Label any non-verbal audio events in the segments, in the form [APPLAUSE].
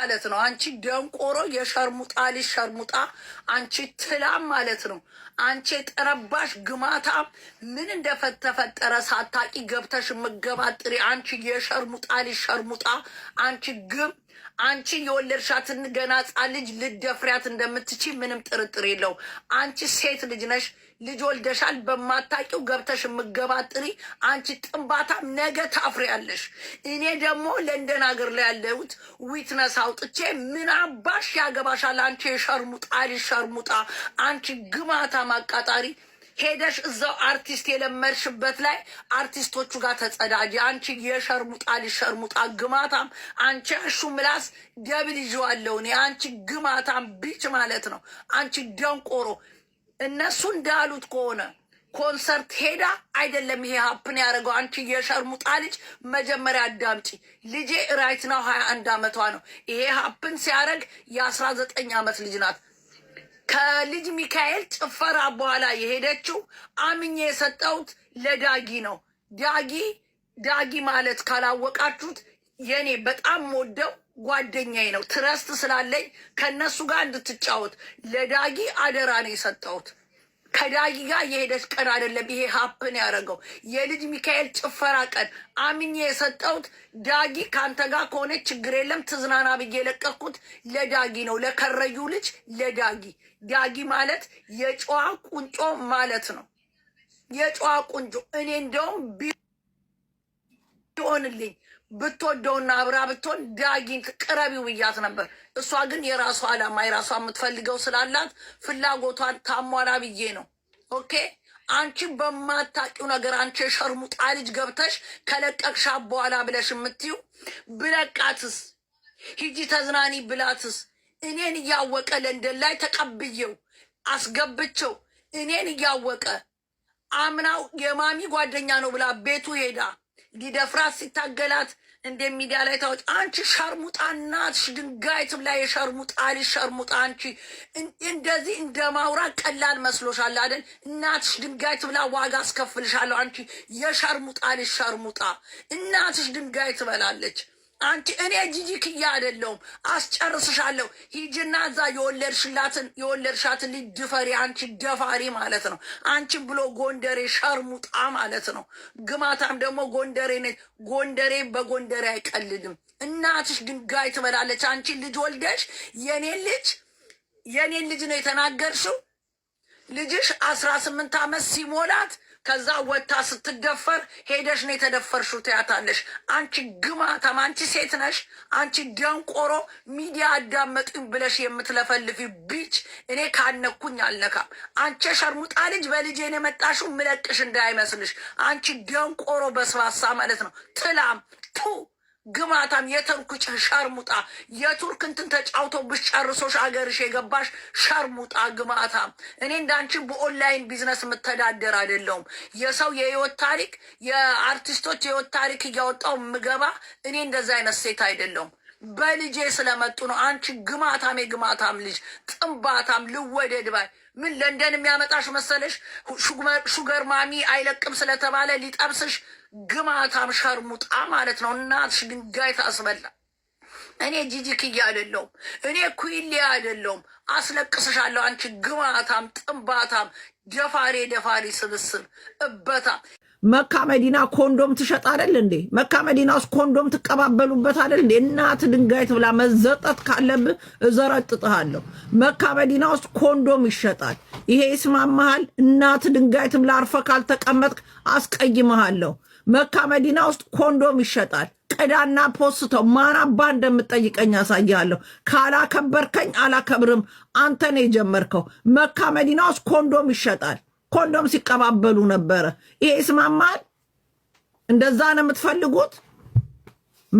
ማለት ነው። አንቺ ደንቆሮ የሸርሙጣ ልጅ ሸርሙጣ፣ አንቺ ትላም ማለት ነው። አንቺ የጠረባሽ ግማታ፣ ምን እንደተፈጠረ ሳታቂ ገብተሽ ምገባጥሪ፣ አንቺ የሸርሙጣ ልጅ ሸርሙጣ፣ አንቺ ግም አንቺ የወለድሻትን ገና ጻ ልጅ ልደፍሪያት እንደምትችል ምንም ጥርጥር የለው። አንቺ ሴት ልጅ ነሽ፣ ልጅ ወልደሻል። በማታቂው ገብተሽ የምገባጥሪ አንቺ ጥንባታም ነገ ታፍሪያለሽ። እኔ ደግሞ ለንደን ሀገር ላይ ያለሁት ዊትነስ አውጥቼ ምን አባሽ ያገባሻል? አንቺ የሸርሙጣ ልጅ ሸርሙጣ፣ አንቺ ግማታ ማቃጣሪ፣ ሄደሽ እዛው አርቲስት የለመድሽበት ላይ አርቲስቶቹ ጋር ተጸዳጅ። አንቺ የሸርሙጣ ሊሸርሙጣ ግማታም፣ አንቺ እሹ ምላስ ደብል ይዤዋለሁ እኔ። አንቺ ግማታም ቢች ማለት ነው። አንቺ ደንቆሮ። እነሱ እንዳሉት ከሆነ ኮንሰርት ሄዳ አይደለም ይሄ ሀፕን ያደረገው። አንቺ የሸርሙጣ ልጅ መጀመሪያ አዳምጪ። ልጄ ራይት ነው፣ ሀያ አንድ አመቷ ነው። ይሄ ሀፕን ሲያደረግ የአስራ ዘጠኝ አመት ልጅ ናት። ከልጅ ሚካኤል ጭፈራ በኋላ የሄደችው አምኜ የሰጠሁት ለዳጊ ነው። ዳጊ ዳጊ ማለት ካላወቃችሁት የኔ በጣም ወደው ጓደኛዬ ነው። ትረስት ስላለኝ ከእነሱ ጋር እንድትጫወት ለዳጊ አደራ ነው የሰጠሁት። ከዳጊ ጋር የሄደች ቀን አይደለም ይሄ ሀፕን ያደረገው የልጅ ሚካኤል ጭፈራ ቀን አምኜ የሰጠሁት ዳጊ ከአንተ ጋር ከሆነ ችግር የለም ትዝናና ብዬ የለቀኩት ለዳጊ ነው። ለከረዩ ልጅ ለዳጊ ዳጊ ማለት የጨዋ ቁንጮ ማለት ነው። የጨዋ ቁንጮ እኔ እንደውም ቢሆንልኝ ብትወደውና አብራ ብትሆን ዳጊን ቅረቢው ብያት ነበር። እሷ ግን የራሷ ዓላማ የራሷ የምትፈልገው ስላላት ፍላጎቷን ታሟላ ብዬ ነው። ኦኬ አንቺ በማታውቂው ነገር አንቺ የሸርሙጣ ልጅ ገብተሽ ከለቀቅሻ በኋላ ብለሽ የምትዩ ብለቃትስ ሂጂ ተዝናኒ ብላትስ እኔን እያወቀ ለንደን ላይ ተቀብዬው አስገብቸው እኔን እያወቀ አምናው የማሚ ጓደኛ ነው ብላ ቤቱ ሄዳ ሊደፍራት ሲታገላት እንደ ሚዲያ ላይ ታወጭ አንቺ ሸርሙጣ እናትሽ ድንጋይትም ትብላ። የሸርሙጣ ልጅ ሸርሙጣ አንቺ እንደዚህ እንደ ማውራ ቀላል መስሎሻል አይደል? እናትሽ ድንጋይትም ትብላ። ዋጋ አስከፍልሻለሁ አንቺ የሸርሙጣ ልጅ ሸርሙጣ እናትሽ ድንጋይ ትበላለች። አንቺ እኔ ጂጂ ክያ አይደለሁም፣ አስጨርስሻለሁ። ሂጅና እዛ የወለድሽላትን የወለድሻትን ልጅ ድፈሪ፣ አንቺ ደፋሪ ማለት ነው። አንቺ ብሎ ጎንደሬ ሸርሙጣ ማለት ነው። ግማታም ደግሞ ጎንደሬ ነች። ጎንደሬ በጎንደሬ አይቀልድም። እናትሽ ድንጋይ ትበላለች። አንቺ ልጅ ወልደሽ የኔን ልጅ የኔን ልጅ ነው የተናገርሽው። ልጅሽ አስራ ስምንት ዓመት ሲሞላት ከዛ ወታ ስትደፈር ሄደሽ ነው የተደፈርሽው ትያታለሽ። አንቺ ግማታም፣ አንቺ ሴት ነሽ፣ አንቺ ደንቆሮ፣ ሚዲያ አዳመጡኝ ብለሽ የምትለፈልፊ ቢች። እኔ ካነኩኝ አልነካም። አንቺ ሸርሙጣ ልጅ በልጄን የመጣሽው ምለቅሽ እንዳይመስልሽ። አንቺ ደንቆሮ በስባሳ ማለት ነው ትላም ቱ ግማታም የተርኩጭ ሸርሙጣ የቱርክ እንትን ተጫውተውብሽ ጨርሶሽ አገርሽ የገባሽ ሸርሙጣ ግማታም። እኔ እንዳንቺ በኦንላይን ቢዝነስ የምተዳደር አይደለውም። የሰው የህይወት ታሪክ የአርቲስቶች የህይወት ታሪክ እያወጣው ምገባ እኔ እንደዚ አይነት ሴት አይደለውም። በልጄ ስለመጡ ነው። አንቺ ግማታም የግማታም ልጅ ጥንባታም ልወደድ ባይ ምን ለንደን የሚያመጣሽ መሰለሽ? ሹገር ማሚ አይለቅም ስለተባለ ሊጠብስሽ ግማታም ሸርሙጣ ማለት ነው። እናትሽ ድንጋይ ታስበላ። እኔ ጂጂክዬ አይደለሁም፣ እኔ ኩይሌ አይደለሁም። አስለቅስሻለሁ አንቺ ግማታም ጥንባታም ደፋሬ ደፋሪ ስብስብ እበታ መካ መዲና ኮንዶም ትሸጥ አደል እንዴ? መካ መዲና ውስጥ ኮንዶም ትቀባበሉበት አደል እንዴ? እናት ድንጋይ ትብላ። መዘጠት ካለብህ እዘረጥጥሃለሁ። መካ መዲና ውስጥ ኮንዶም ይሸጣል። ይሄ ይስማመሃል? እናት ድንጋይ ትብላ። አርፈ ካልተቀመጥክ አስቀይመሃለሁ። መካ መዲና ውስጥ ኮንዶም ይሸጣል። ቀዳና ፖስተው ማናባ አባ እንደምጠይቀኝ አሳያለሁ። ካላከበርከኝ አላከብርም። አንተ ነው የጀመርከው። መካ መዲና ውስጥ ኮንዶም ይሸጣል። ኮንዶም ሲቀባበሉ ነበረ። ይሄ ይስማማል? እንደዛ ነው የምትፈልጉት?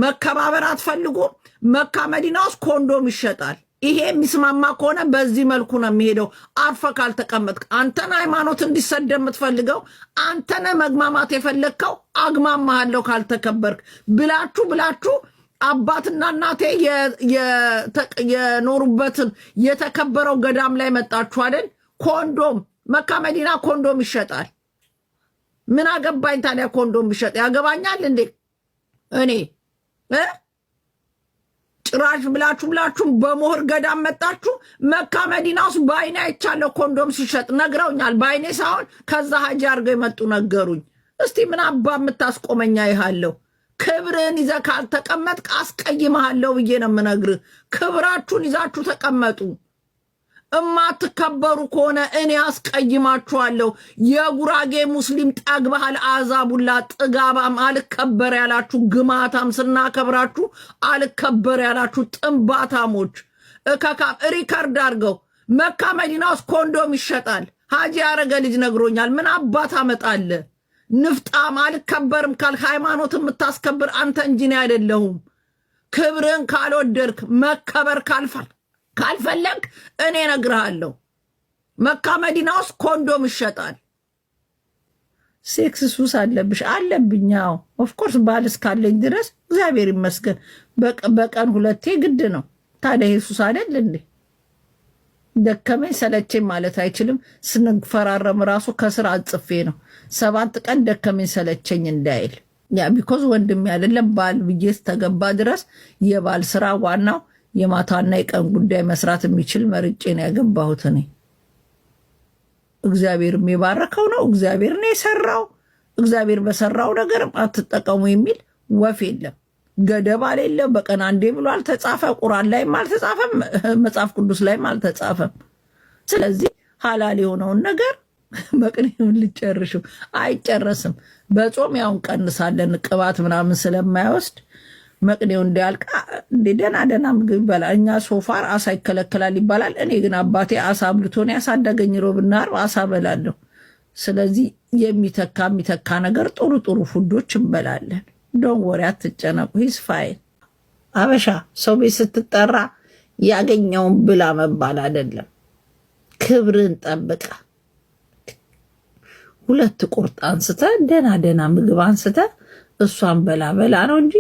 መከባበር አትፈልጉም? መካ መዲና ውስጥ ኮንዶም ይሸጣል። ይሄ የሚስማማ ከሆነ በዚህ መልኩ ነው የሚሄደው። አርፈ ካልተቀመጥክ አንተን ሃይማኖት እንዲሰደብ የምትፈልገው አንተነ መግማማት የፈለግከው አግማማሃለሁ ካልተከበርክ ብላችሁ ብላችሁ አባትና እናቴ የኖሩበትን የተከበረው ገዳም ላይ መጣችሁ አይደል? ኮንዶም መካ መዲና ኮንዶም ይሸጣል። ምን አገባኝ ታዲያ ኮንዶም ይሸጥ ያገባኛል እንዴ? እኔ ጭራሽ ብላችሁ ብላችሁ በምሁር ገዳም መጣችሁ። መካ መዲና ውስጥ በአይኔ አይቻለሁ ኮንዶም ሲሸጥ ነግረውኛል። በአይኔ ሳይሆን ከዛ ሀጂ አድርገው የመጡ ነገሩኝ። እስቲ ምን አባ የምታስቆመኛ ይሃለሁ ክብርን ይዘህ ካልተቀመጥክ አስቀይመሃለሁ ብዬ ነው የምነግርህ። ክብራችሁን ይዛችሁ ተቀመጡ። እማትከበሩ ከሆነ እኔ አስቀይማችኋለሁ። የጉራጌ ሙስሊም ባህል አዛቡላ ጥጋባም፣ አልከበር ያላችሁ ግማታም፣ ስናከብራችሁ አልከበር ያላችሁ ጥንባታሞች እከካ ሪከርድ አድርገው መካ መዲና ውስጥ ኮንዶም ይሸጣል። ሀጂ ያረገ ልጅ ነግሮኛል። ምን አባት አመጣለ? ንፍጣም አልከበርም ካል ሃይማኖት የምታስከብር አንተ እንጂኔ አይደለሁም። ክብርን ካልወደድክ መከበር ካልፋል ካልፈለግ እኔ እነግርሃለሁ። መካ መዲና ውስጥ ኮንዶም ይሸጣል። ሴክስ ሱስ አለብሽ? አለብኛው። ኦፍኮርስ፣ ባል እስካለኝ ድረስ እግዚአብሔር ይመስገን በቀን ሁለቴ ግድ ነው። ታዲያ ሱስ አይደል እንዴ? ደከመኝ ሰለቼ ማለት አይችልም። ስንፈራረም ራሱ ከስራ አጽፌ ነው ሰባት ቀን ደከመኝ ሰለቸኝ እንዳይል ያ ቢኮዝ ወንድም አይደለም ባል ብዬ ተገባ ድረስ የባል ስራ ዋናው የማታና የቀን ጉዳይ መስራት የሚችል መርጬ ነው ያገባሁት እኔ። እግዚአብሔርም የባረከው ነው። እግዚአብሔር ነው የሰራው። እግዚአብሔር በሰራው ነገርም አትጠቀሙ የሚል ወፍ የለም፣ ገደብ አሌለም። በቀን አንዴ ብሎ አልተጻፈ፣ ቁራን ላይም አልተጻፈም፣ መጽሐፍ ቅዱስ ላይም አልተጻፈም። ስለዚህ ሀላል የሆነውን ነገር መቅኔውን ልጨርሹ አይጨረስም። በጾም ያውን ቀንሳለን ቅባት ምናምን ስለማይወስድ መቅኔው እንዳያልቅ ደና ደና ምግብ ይበላል። እኛ ሶፋር አሳ ይከለከላል ይባላል። እኔ ግን አባቴ አሳ አብልቶ ያሳደገኝ። ሮብና ዓርብ አሳ በላለሁ ስለዚህ የሚተካ የሚተካ ነገር ጥሩ ጥሩ ፉዶች እንበላለን። ዶን ወሬ አትጨነቁ። ሂስ ፋይን አበሻ ሰው ቤት ስትጠራ ያገኘውን ብላ መባል አይደለም። ክብርን ጠብቀ ሁለት ቁርጥ አንስተ ደና ደና ምግብ አንስተ እሷን በላ በላ ነው እንጂ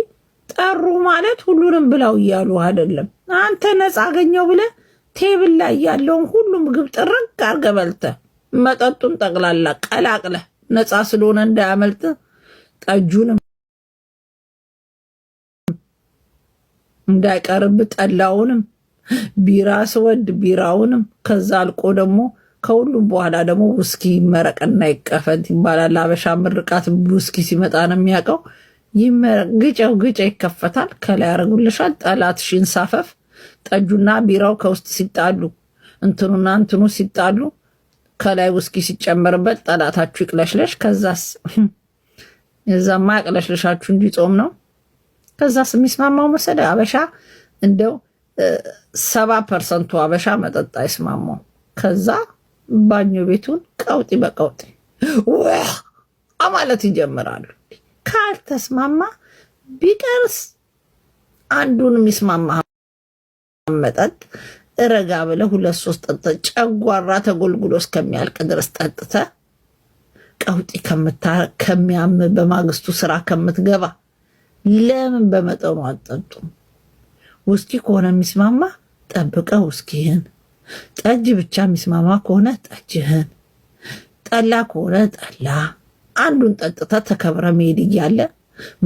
ጠሩ ማለት ሁሉንም ብላው እያሉ አይደለም። አንተ ነፃ አገኘው ብለ ቴብል ላይ ያለውን ሁሉ ምግብ ጥርቅ አርገ በልተ መጠጡን ጠቅላላ ቀላቅለ ነፃ ስለሆነ እንዳያመልጥ ጠጁንም እንዳይቀርብ ጠላውንም ቢራ ስወድ ቢራውንም ከዛ አልቆ ደግሞ ከሁሉም በኋላ ደግሞ ውስኪ መረቅና ይቀፈት ይባላል። አበሻ ምርቃት ውስኪ ሲመጣ ነው የሚያውቀው። ግጨው ግጨ ይከፈታል። ከላይ ያደርጉልሻል። ጠላትሽ ሳፈፍ ጠጁና ቢራው ከውስጥ ሲጣሉ እንትኑና እንትኑ ሲጣሉ ከላይ ውስኪ ሲጨመርበት ጠላታችሁ ይቅለሽለሽ። ከዛስ እዛማ [LAUGHS] ያቅለሽለሻችሁ እንዲጾም ነው። ከዛስ የሚስማማው መሰለ አበሻ እንደው ሰባ ፐርሰንቱ አበሻ መጠጥ አይስማማው። ከዛ ባኞ ቤቱን ቀውጢ በቀውጢ ማለት ይጀምራሉ። ተስማማ ቢቀርስ አንዱን የሚስማማ መጠጥ ረጋ ብለ ሁለት ሶስት ጠጥተ ጨጓራ ተጎልጉሎ እስከሚያልቅ ድረስ ጠጥተ ቀውጢ ከሚያም በማግስቱ ስራ ከምትገባ ለምን በመጠኑ አጠጡም? ውስኪ ከሆነ የሚስማማ ጠብቀ ውስኪህን፣ ጠጅ ብቻ የሚስማማ ከሆነ ጠጅህን፣ ጠላ ከሆነ ጠላ አንዱን ጠጥታ ተከብረ መሄድ እያለ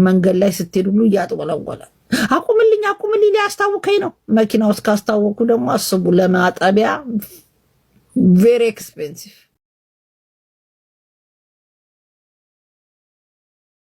መንገድ ላይ ስትሄድ ሁሉ እያጥወለወላል። አቁምልኝ አቁምልኝ ሊያስታውከኝ ነው። መኪና ውስጥ ካስታወኩ ደግሞ አስቡ፣ ለማጠቢያ ቬሪ ኤክስፔንሲቭ